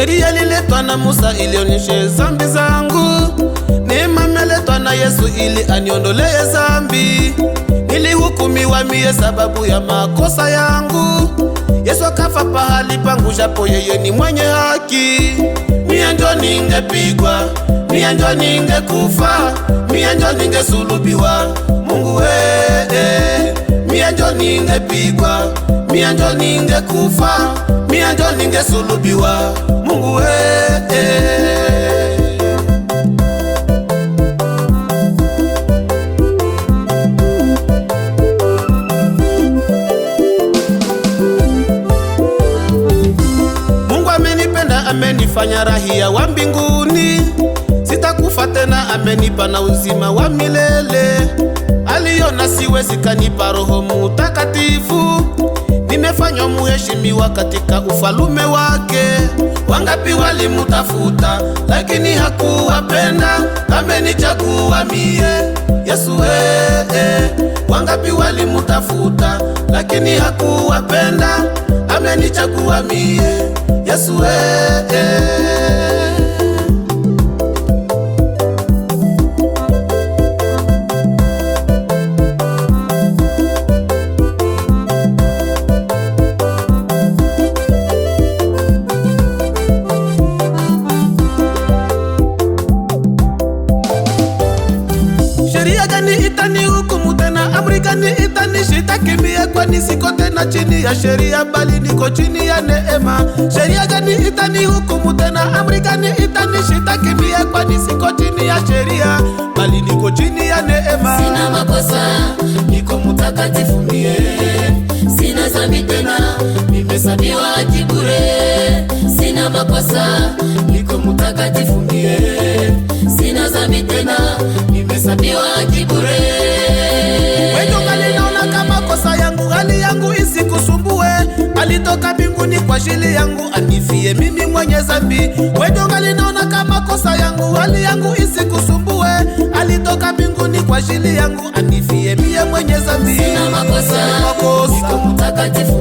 Sheria liletwa na Musa ilionyeshe zambi zangu. Neema imeletwa na Yesu ili aniondolee zambi. Nilihukumiwa mie sababu ya makosa yangu. Yesu akafa pahali pangu, japo yeye ni mwenye haki. Mie njo ningepigwa, mie njo ningekufa, mie njo ningesulubiwa. Mungu we, e, mie njo ningepigwa, mie njo ningekufa, mie njo ningesulubiwa. Mungu eh, Mungu amenipenda, amenifanya rahia wa mbinguni, sitakufa tena, amenipa na uzima wa milele aliona siwezi, kanipa Roho Mutakatifu, nimefanywa muheshimiwa katika ufalume wake. Wangapi walimutafuta lakini hakuwapenda, amenichagua mie Yesu ee eh, wangapi walimutafuta lakini hakuwapenda, amenichagua mie Yesu ee eh, eh. Dunia gani itani hukumu tena, amri gani itani shita shitakimbia? Kwani siko tena chini ya sheria, bali niko chini ya neema. Sheria gani itani hukumu tena, amri gani itani shita shitakimbia? Kwani siko chini ya sheria, bali niko chini ya neema. Sina makosa, niko mtakatifu mie, sina zambi tena, nimesamehewa haki Sina makosa, niko mtakatifu mie, sina zambi tena kutoka mbinguni kwa ajili yangu anifie mimi mwenye zambi Wewe donga linaona kama kosa yangu, hali yangu isikusumbue. Alitoka mbinguni kwa ajili yangu anifie mie mwenye zambi Sina makosa, niko mtakatifu